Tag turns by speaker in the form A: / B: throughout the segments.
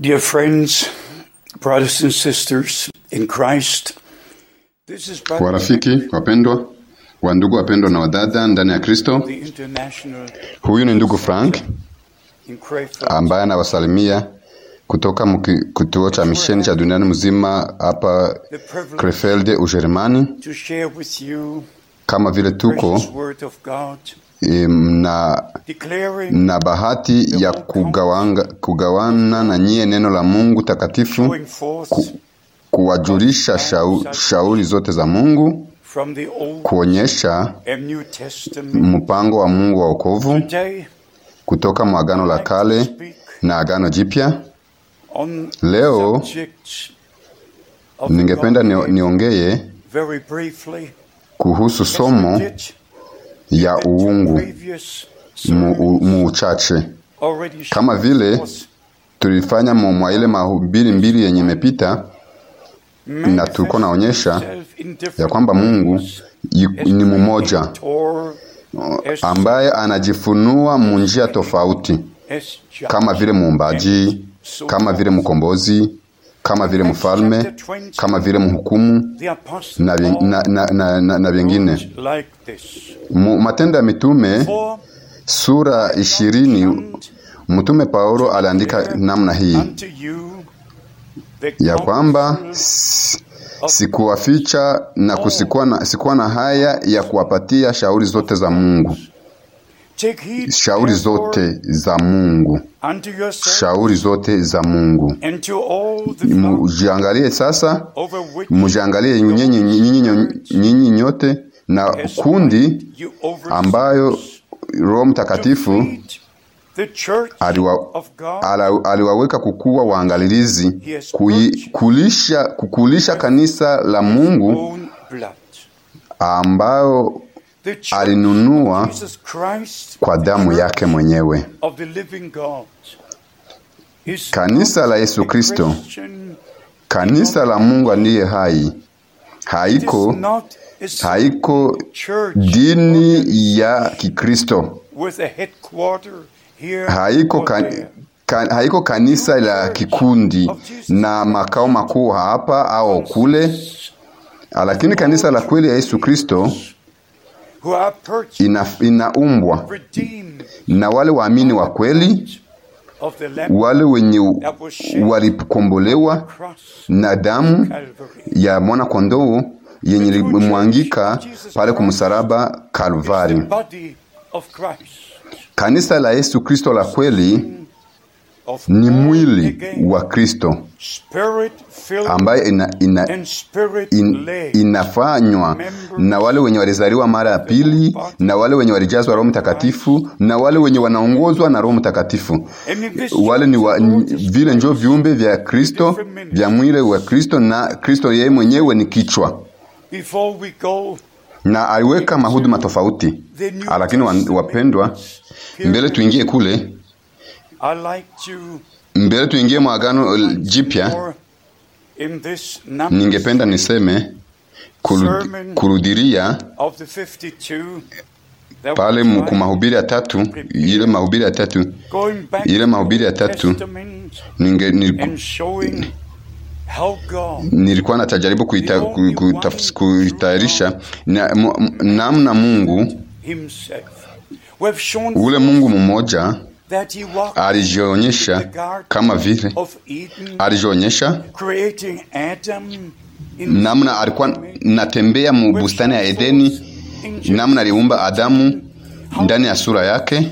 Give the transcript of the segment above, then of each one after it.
A: Dear friends, brothers and sisters in Christ, this is warafiki
B: wapendwa wa ndugu wapendwa na wadada ndani ya Kristo. Huyu ni ndugu Frank ambaye anawasalimia kutoka kituo cha misheni cha duniani mzima hapa Krefelde, Ujerumani. Kama vile tuko na na bahati ya kugawanga, kugawana na nyie neno la Mungu takatifu ku, kuwajulisha shau, shauri zote za Mungu kuonyesha mpango wa Mungu wa wokovu kutoka mwagano Agano la Kale na Agano Jipya.
A: Leo
B: ningependa niongee kuhusu somo ya uungu muuchache mu kama vile tulifanya mwa ile mahubiri mbili yenye imepita, na tulikuwa naonyesha ya kwamba Mungu ni mmoja ambaye anajifunua mu njia tofauti,
A: kama vile muumbaji,
B: kama vile mkombozi kama vile mfalme, kama vile mhukumu na, vingine. Matendo ya Mitume sura ishirini, Mtume Paulo aliandika namna hii ya kwamba sikuwaficha na kusikuwa na, sikuwa na haya ya kuwapatia shauri zote za Mungu shauri zote za Mungu, shauri zote za Mungu. Mujiangalie sasa, mujiangalie nyinyi nyote na kundi ambayo Roho Mtakatifu aliwaweka kukuwa waangalilizi kukulisha kanisa la Mungu ambayo alinunua kwa damu yake mwenyewe. Kanisa la Yesu Kristo, kanisa la Mungu aliye hai, haiko haiko dini ya Kikristo,
A: haiko kan,
B: haiko kanisa la kikundi na makao makuu hapa au kule, lakini kanisa la kweli ya Yesu Kristo ina, inaumbwa na wale waamini wa kweli wale wenye walikombolewa na damu ya mwana kondoo yenye limwangika pale kumsalaba Kalvari. Kanisa la Yesu Kristo la kweli ni mwili wa Kristo
A: ambayo ina, ina, in,
B: inafanywa na wale wenye walizaliwa mara ya pili na wale wenye walijazwa Roho Mtakatifu na wale wenye wanaongozwa na Roho Mtakatifu. Wale ni wa, vile njo viumbe vya Kristo vya mwili wa Kristo, na Kristo yeye mwenyewe ni kichwa na aliweka mahuduma tofauti, ah, lakini wapendwa, mbele tuingie kule mbele tuingie mwagano jipya, ningependa niseme kurudiria pale kumahubiri ya tatu, ile mahubiri ya tatu, ile mahubiri ya tatu ninge, nilikuwa natajaribu namna Mungu ule Mungu mmoja alijionyesha kama vile alijionyesha namna alikuwa natembea mu bustani ya Edeni, namna aliumba Adamu ndani ya sura yake.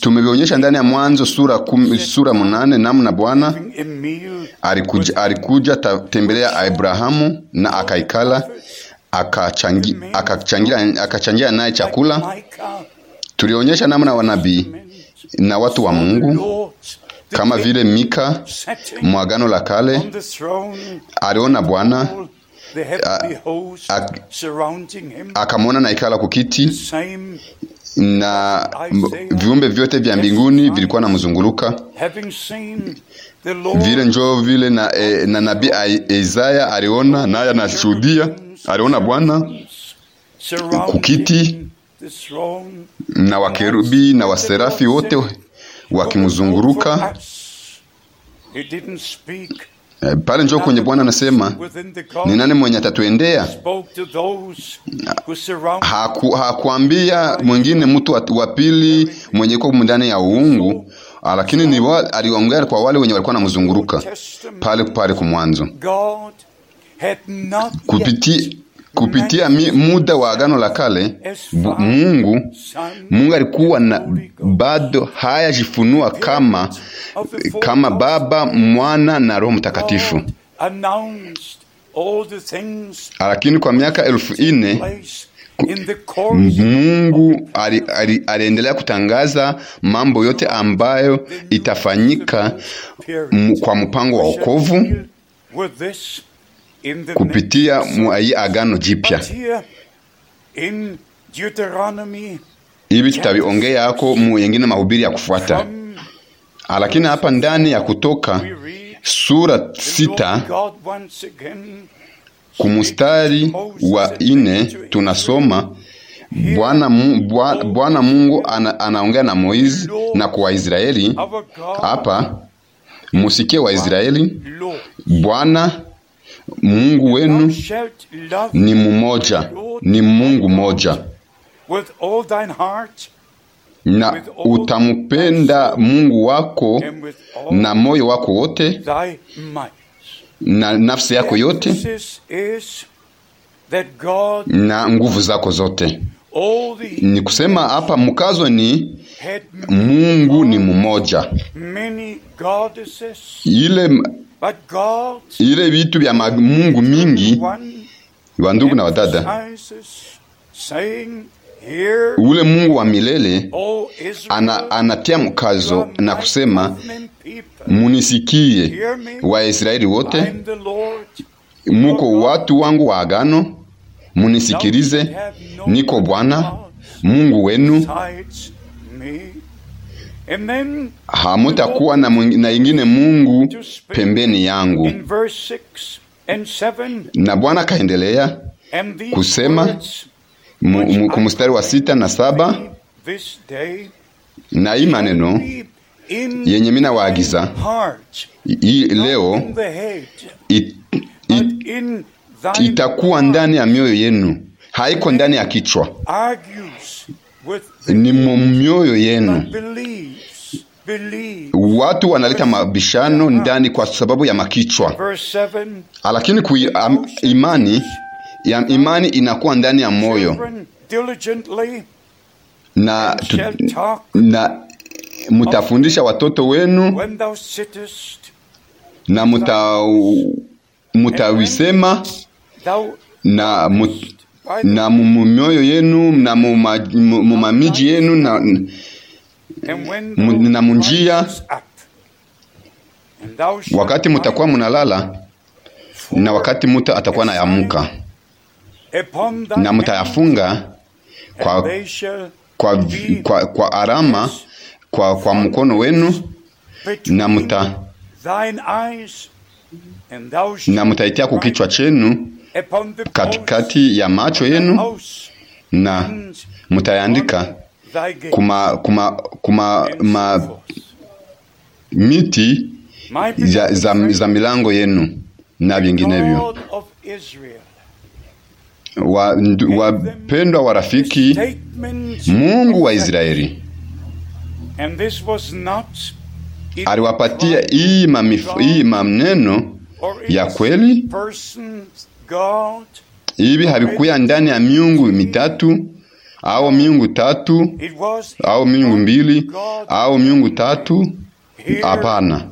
B: Tumevionyesha ndani ya Mwanzo sura kum, sura munane namna Bwana alikuja, alikuja tatembelea Abrahamu na akaikala akachangia akachangia naye chakula Tulionyesha namna wanabii na watu wa Mungu kama vile Mika mwagano la kale aliona Bwana akamwona na ikala kukiti na viumbe vyote vya mbinguni vilikuwa namzunguluka vile njoo vile na, e, na nabii Isaya aliona naye anashuhudia, aliona Bwana
A: kukiti
B: na wakerubi na waserafi wote wakimzunguruka eh, pale njoo kwenye Bwana anasema ni nani mwenye atatuendea?
A: Haku, hakuambia
B: mwingine mtu wa pili mwenye iko ndani ya uungu, ah, lakini ni wa, aliongea kwa wale wenye walikuwa namzunguruka pale pale kumwanzo kupitia Kupitia muda wa Agano la Kale, Mungu Mungu alikuwa na bado hayajifunua kama kama Baba, Mwana na Roho Mtakatifu, lakini kwa miaka elfu ine Mungu aliendelea kutangaza mambo yote ambayo itafanyika kwa mpango wa wokovu kupitia agano jipya. Hivi tutaviongea yako mu yengine mahubiri ya kufuata, lakini hapa ndani ya Kutoka sura sita kumustari wa ine tunasoma Bwana Bwana Mungu ana, anaongea na Moizi na kwa Waisraeli hapa, musikie Waisraeli, Bwana Mungu wenu ni mmoja, ni Mungu mmoja, na utamupenda Mungu wako
A: na moyo wako wote
B: na nafsi yako yote
A: na nguvu
B: zako zote. Ni kusema hapa mkazo ni Mungu ni mmoja. Ile ile vitu vya Mungu mingi, wandugu na wadada, ule Mungu wa milele ana, anatia mkazo na kusema munisikie, Israeli wote, muko watu wangu wa agano Munisikilize,
A: niko Bwana
B: Mungu wenu, hamutakuwa na, na ingine Mungu pembeni yangu. Na Bwana akaendelea
A: kusema
B: kumstari wa sita na saba na hii maneno yenye mina waagiza hii leo itakuwa ndani ya mioyo yenu, haiko ndani ya kichwa, ni mioyo yenu. Watu wanaleta mabishano ndani kwa sababu ya makichwa, lakini imani ya imani inakuwa ndani ya moyo na, tu, na mutafundisha watoto wenu na mutawisema na mu, na mu yenu na mu, mamiji yenu na, na munjia wakati mutakuwa munalala na wakati mutu atakuwa nayamuka na mutayafunga kwa, kwa, kwa, kwa arama kwa, kwa mkono wenu na muta
A: na mutaitia kukichwa
B: chenu katikati ya macho yenu na mutayandika kuma, kuma, kuma ma, miti za, za, za milango yenu na vinginevyo. Wapendwa wa, wa rafiki Mungu wa Israeli aliwapatia hii maneno ya kweli Ibi havikuya ndani ya miungu mitatu au miungu tatu au miungu mbili au miungu tatu. Hapana,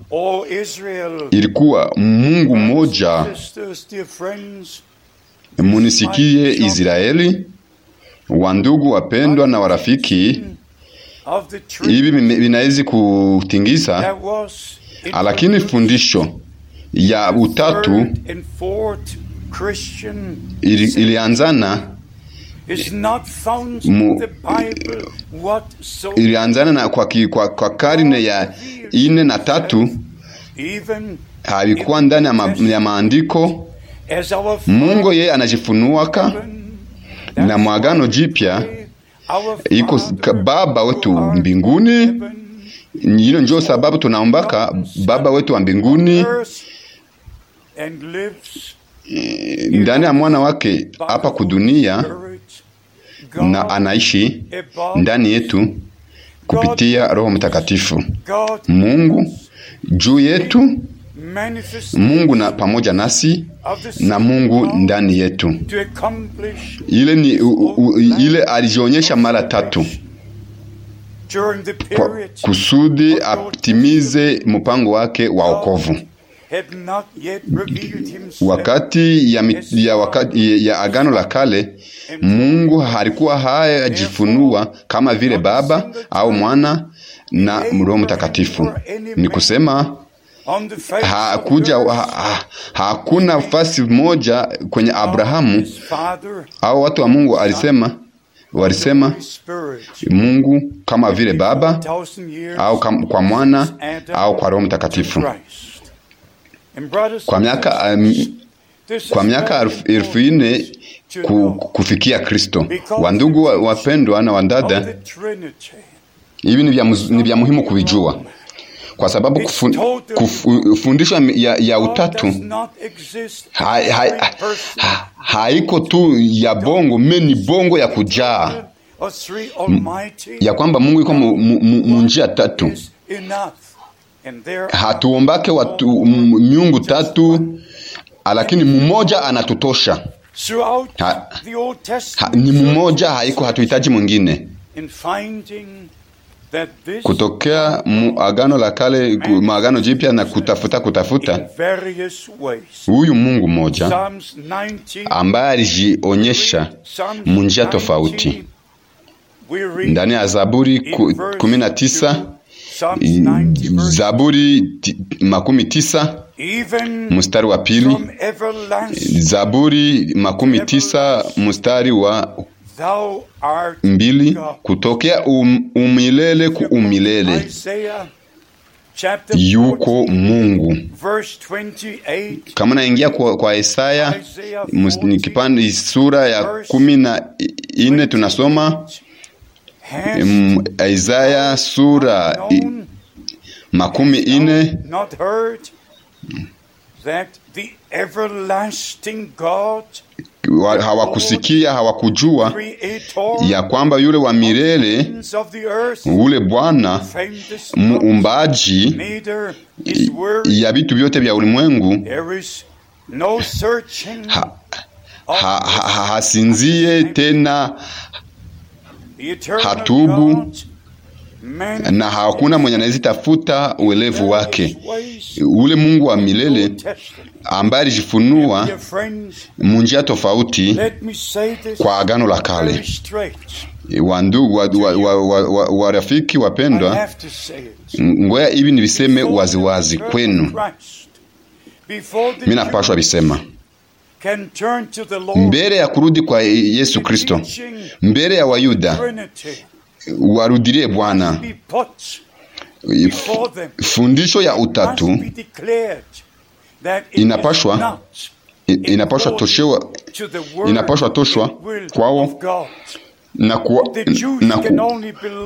B: ilikuwa Mungu mmoja. Munisikie Israeli, wandugu wapendwa na warafiki, hivi vinawezi kutingisa, lakini fundisho ya utatu ili, ilianzana mu, ilianzana na kwa, kwa, kwa karne ya ine na tatu havikuwa ndani ya, ma, ya maandiko. Mungu yeye anajifunuaka na mwagano jipya iko Baba wetu mbinguni. ino njo sababu tunaombaka Baba wetu wa mbinguni ndani ya mwana wake hapa kudunia na anaishi ndani yetu kupitia Roho Mtakatifu. Mungu juu yetu, Mungu na pamoja nasi na Mungu ndani yetu. Ile ni u, u, ile alijionyesha mara tatu kwa kusudi atimize mpango wake wa wokovu. Wakati ya, ya, wakati ya Agano la Kale Mungu halikuwa hayajifunua kama vile Baba au Mwana na Roho Mtakatifu. Ni kusema hakuja, ha, hakuna fasi moja kwenye Abrahamu au watu wa Mungu alisema walisema Mungu kama vile Baba
A: au kwa Mwana au kwa Roho Mtakatifu. Um, kwa miaka um,
B: kwa miaka elfu nne kufikia Kristo. Wandugu wapendwa na wandada, hivi ni vya muhimu kuvijua kwa sababu kufundishwa kufu, ya, ya utatu
A: haiko ha,
B: ha, ha, tu ya bongo meni bongo ya kujaa M, ya kwamba Mungu iko munjia tatu hatuombake watu miungu tatu, lakini mmoja anatutosha.
A: Ha, ha, ni
B: mmoja haiko, hatuhitaji mwingine. Kutokea muagano la kale maagano jipya na kutafuta kutafuta
A: huyu Mungu mmoja ambaye alijionyesha munjia tofauti ndani ya Zaburi kumi na
B: tisa Zaburi makumi tisa mstari wa pili Zaburi makumi tisa mstari wa mbili kutokea um, umilele ku umilele yuko Mungu. Kama naingia kwa, kwa Isaya kipande sura ya kumi na nne tunasoma Isaya sura makumi ine hawakusikia hawakujua ya kwamba yule wa milele
A: ule Bwana muumbaji ya vitu vyote vya ulimwengu
B: ha, ha, ha, hasinzie tena
A: hatubu na hakuna mwenye
B: anaweza tafuta uelevu wake. Ule Mungu wa milele ambaye alijifunua munjia tofauti kwa agano la kale. Wandugu warafiki wa, wa, wa, wa wapendwa, ngoya hivi viseme waziwazi kwenu, minapashwa visema mbele ya kurudi kwa Yesu Kristo, mbele ya Wayuda warudilie Bwana. Fundisho ya utatu
A: inapashwa
B: inapashwa toshewa inapashwa toshwa kwao na, ku, na, ku,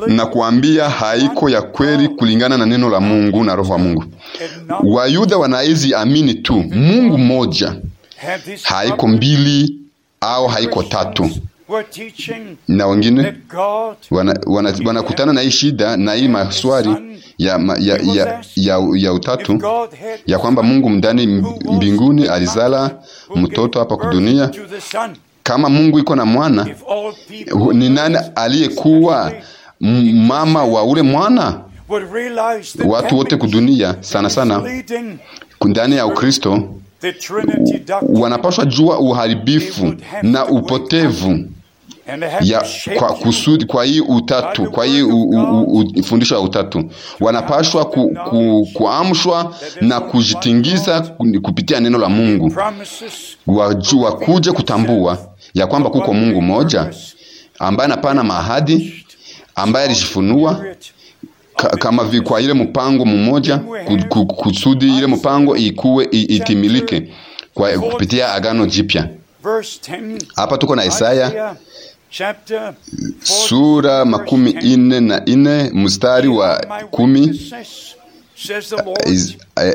B: na kuambia haiko ya kweli kulingana na neno la Mungu na roho wa Mungu. Wayuda wanaizi amini tu Mungu moja haiko mbili au haiko tatu, na wengine wanakutana wana, wana na hii shida na hii maswali ya, ya, ya, ya, ya utatu ya kwamba Mungu mndani mbinguni alizala mtoto hapa kudunia. Kama Mungu iko na mwana, ni nani aliyekuwa mama wa ule mwana?
A: Watu wote kudunia sana sana
B: ndani ya Ukristo wanapaswa jua uharibifu na upotevu ya, kwa kusudi, kwa hii utatu, kwa hii ufundisho ya utatu wanapashwa ku, ku, kuamshwa na kujitingiza kupitia neno la Mungu, wajua kuja kutambua ya kwamba kuko Mungu mmoja ambaye anapana mahadi, ambaye alijifunua kama vi kwa ile mpango mmoja kusudi ile mpango ikuwe itimilike kwa kupitia Agano Jipya.
A: Hapa tuko na Isaya
B: sura makumi ine na ine mstari wa kumi.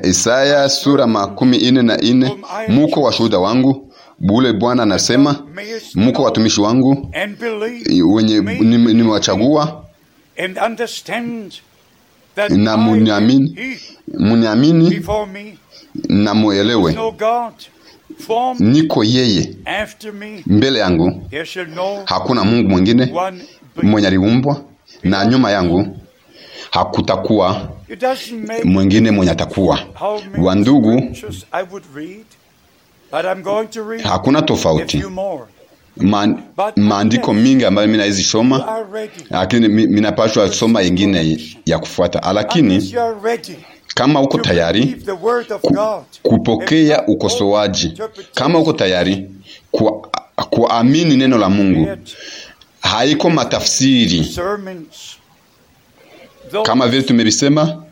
B: Isaya sura makumi ine na ine muko washuhuda wangu bule Bwana anasema muko watumishi wangu wenye nimewachagua
A: ni na muniamini,
B: muniamini na muelewe
A: niko yeye
B: mbele yangu, hakuna Mungu mwingine mwenye aliumbwa, na nyuma yangu hakutakuwa
A: mwingine mwenye atakuwa. Wandugu,
B: hakuna tofauti maandiko mingi ambayo mimi soma, lakini minapashwa soma ingine ya kufuata, lakini kama uko tayari
A: ku, kupokea
B: ukosoaji, kama uko tayari kuamini ku neno la Mungu, haiko matafsiri kama vile tumevisema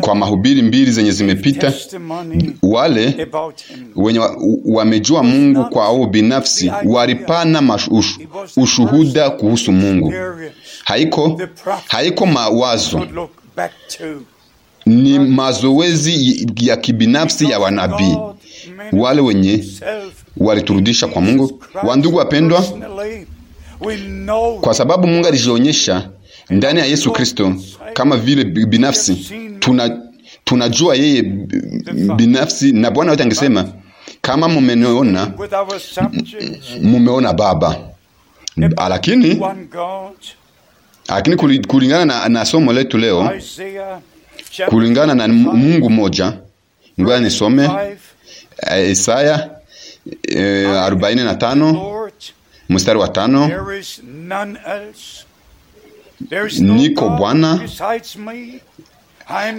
B: kwa mahubiri mbili zenye zimepita,
A: wale
B: wenye wamejua Mungu kwa au binafsi walipana ushuhuda kuhusu Mungu. Haiko, haiko mawazo, ni mazoezi ya kibinafsi ya wanabii wale wenye waliturudisha kwa Mungu. Wandugu wapendwa, kwa sababu Mungu alijionyesha ndani ya Yesu Kristo kama vile binafsi tuna, tunajua yeye binafsi, na Bwana wote angesema kama mumeniona mumeona Baba, lakini lakini kulingana na, na somo letu leo kulingana na Mungu moja, ngoja nisome eh, Isaya eh, arobaini na tano mstari wa tano
A: niko Bwana,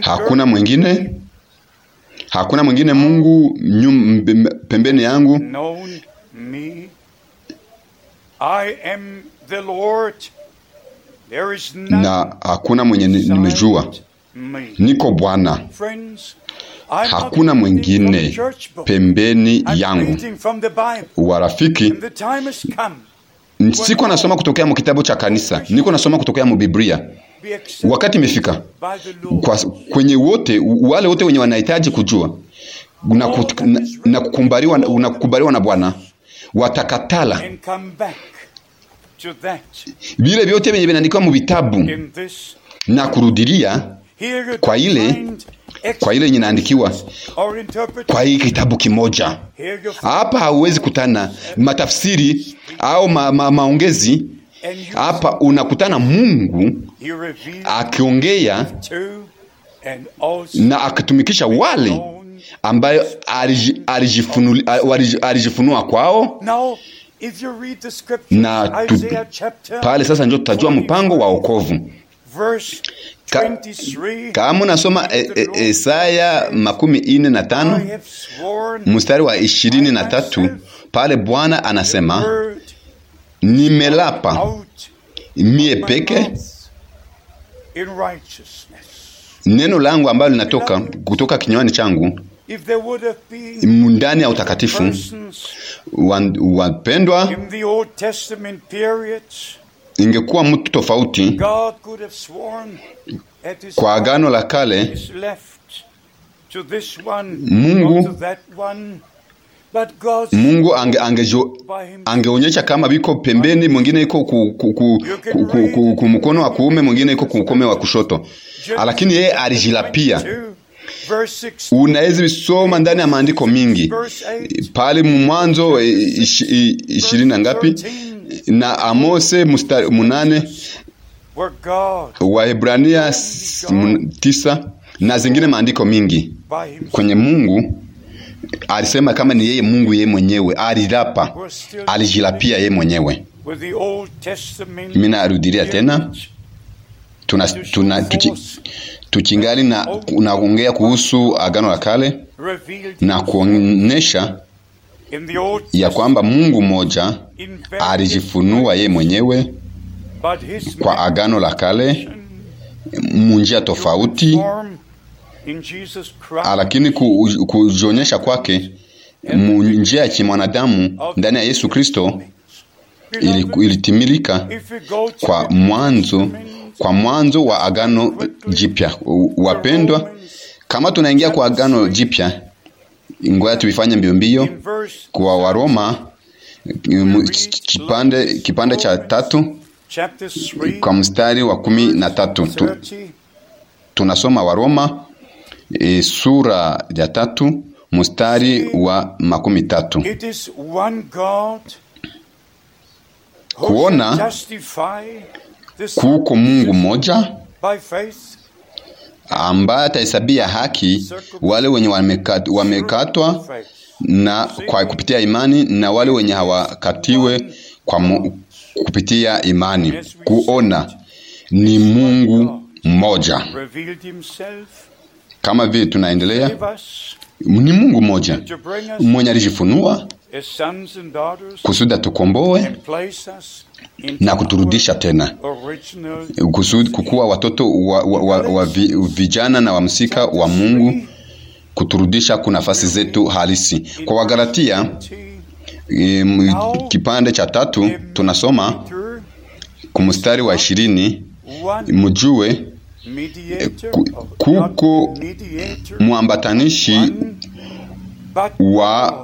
B: hakuna mwingine, hakuna mwingine Mungu nyum, pembeni yangu.
A: Na
B: hakuna mwenye nimejua, niko Bwana, hakuna mwingine pembeni yangu. Warafiki, siko nasoma kutokea mkitabu cha kanisa, niko nasoma kutokea mu Wakati imefika kwenye wote wale wote wenye wanahitaji kujua na, na, na kukubaliwa na, na Bwana watakatala vile vyote vyenye vinaandikwa mu vitabu na kurudilia
A: kwa ile kwa
B: ile yenye inaandikiwa kwa hii kitabu kimoja. Hapa hauwezi kutana matafsiri au ma, ma, maongezi. Hapa unakutana Mungu
A: akiongea
B: na akitumikisha wale ambayo alijifunua kwao
A: na pale sasa ndio tutajua
B: mpango wa wokovu. Ka,
A: kama unasoma
B: eh, eh, Isaya makumi ine na tano mstari wa ishirini na tatu pale Bwana anasema nimelapa mie peke neno langu ambalo linatoka kutoka kinywani changu ndani ya utakatifu. Wapendwa, ingekuwa mtu tofauti,
A: kwa agano la kale Mungu Mungu
B: angeonyesha ange kama biko pembeni, mwingine iko mkono wa kuume, mwingine iko mkono wa kushoto, lakini yeye alijilapia. Unaweza visoma ndani ya maandiko mingi pale mwanzo ishirini na ngapi na Amose mstari munane Waebrania tisa na zingine maandiko mingi kwenye Mungu alisema kama ni yeye Mungu yeye mwenyewe alirapa,
A: alijilapia yeye mwenyewe. Mimi arudiria tena,
B: tuna, tuna, tuchi, tuchingali na unaongea kuhusu Agano la Kale na kuonyesha ya kwamba Mungu mmoja alijifunua ye mwenyewe kwa Agano la Kale munjia tofauti, lakini kujionyesha kwake munjia ya kimwanadamu ndani ya Yesu Kristo ilitimilika kwa mwanzo kwa mwanzo wa Agano Jipya. Wapendwa, kama tunaingia kwa Agano Jipya, ngoja tuifanye mbio mbio kwa Waroma kipande, kipande cha tatu kwa mstari wa kumi na tatu tu, tunasoma Waroma e, sura ya tatu mstari wa makumi tatu kuona kuko Mungu mmoja ambaye atahesabia haki wale wenye wamekatwa na kwa kupitia imani na wale wenye hawakatiwe kwa mu, kupitia imani kuona ni Mungu mmoja. Kama vile tunaendelea, ni Mungu mmoja mwenye alijifunua kusudi atukomboe na kuturudisha tena kusudi kukuwa watoto wa, wa, wa, wa vijana na wamsika wa Mungu kuturudisha ku nafasi zetu halisi. Kwa Wagalatia um, kipande cha tatu tunasoma kumstari wa ishirini mjue kuko mwambatanishi wa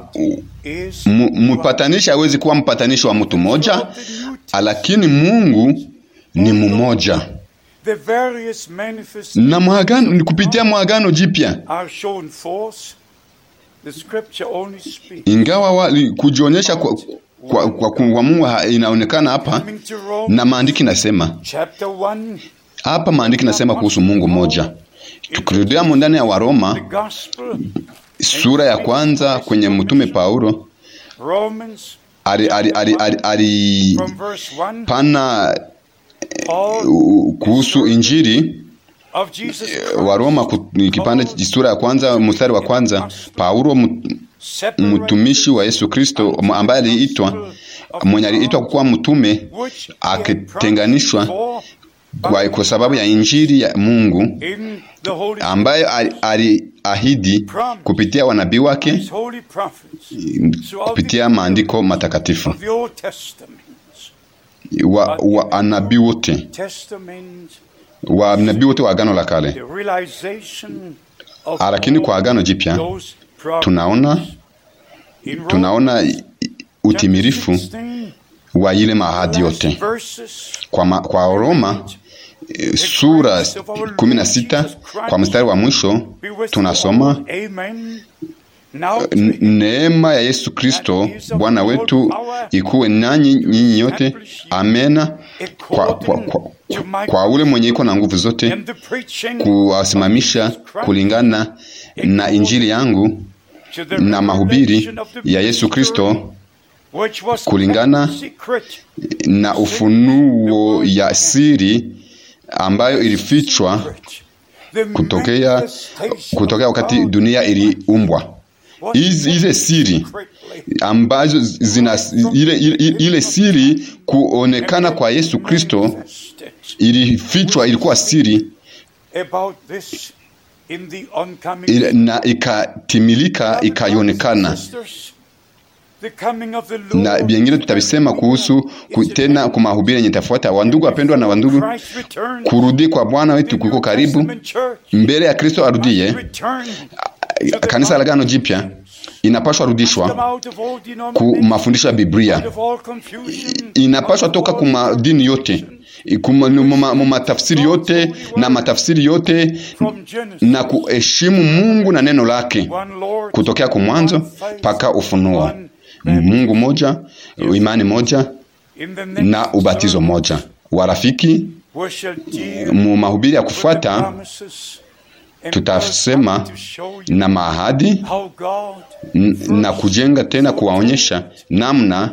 B: mpatanishi hawezi kuwa mpatanishi wa mtu mmoja, lakini Mungu ni mmoja na mwagano, ni kupitia mwagano jipya ingawa kujionyesha kwa, kwa, kwa, kwa Mungu inaonekana hapa, na maandiki nasema hapa, maandiki nasema kuhusu Mungu mmoja. Tukirudiamo ndani ya Waroma sura ya kwanza kwenye mtume Paulo ari, ari, ari, ari, ari, pana kuhusu Injili eh, wa Roma kipande sura ya kwanza mstari wa kwanza Paulo mtumishi wa Yesu Kristo ambaye aliitwa mwenye aliitwa kuwa mtume akitenganishwa kwa, kwa sababu ya injili ya Mungu ambayo aliahidi kupitia wanabii wake kupitia maandiko matakatifu wa, wa anabii wote wa nabii wote wa Agano la Kale,
A: ah, lakini kwa Agano Jipya tunaona
B: tunaona utimirifu wa ile maahadi yote kwa, ma, kwa Roma eh, sura kumi na sita kwa mstari wa mwisho tunasoma Uh, neema ya Yesu Kristo Bwana wetu ikuwe nanyi nyinyi yote Amena. Kwa, kwa, kwa, kwa ule mwenye iko na nguvu zote kuwasimamisha kulingana na injili yangu na mahubiri ya Yesu Kristo kulingana na ufunuo ya siri ambayo ilifichwa
A: kutokea, kutokea wakati dunia
B: iliumbwa hizi ile siri ambazo zina ile, ile, ile siri kuonekana kwa Yesu Kristo ilifichwa, ilikuwa siri na ikatimilika ikayonekana na vyengine tutavisema kuhusu tena kumahubiri yenye tafuata. Wandugu wapendwa na wandugu,
A: kurudi kwa
B: Bwana wetu kuko karibu, mbele ya Kristo arudie kanisa la gano Jipya inapashwa rudishwa ku mafundisho ya Biblia, inapashwa toka kuma dini yote mu matafsiri yote na matafsiri yote na kuheshimu Mungu na neno lake kutokea kumwanzo mpaka Ufunuo. Mungu moja, imani moja na ubatizo moja. Warafiki,
A: mu mahubiri ya kufuata
B: tutasema na maahadi na kujenga tena kuwaonyesha namna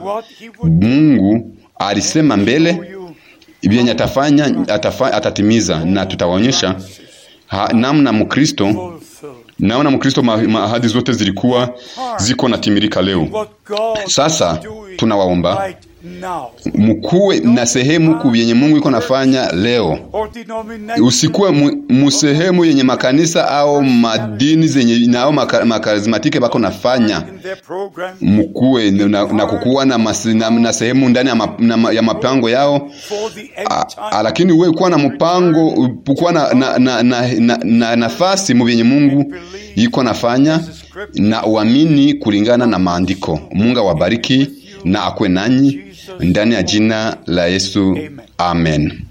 B: Mungu alisema mbele vyenye atafanya atafa, atatimiza na tutawaonyesha namna Mkristo naona Mkristo maahadi zote zilikuwa ziko na timirika leo. Sasa tunawaomba mkuwe na sehemu ku yenye Mungu iko nafanya leo. Usikuwe musehemu yenye makanisa au madini zenye nao makarizmatike bako nafanya. Mkuwe na, na kukuwa na, mas, na, na sehemu ndani ya mapango yao, lakini uwe kuwa na mpango kuwa na, na, na, na, na, na nafasi mu yenye Mungu iko nafanya na uamini kulingana na maandiko. Mungu awabariki na akwe nanyi ndani ya jina la Yesu, amen.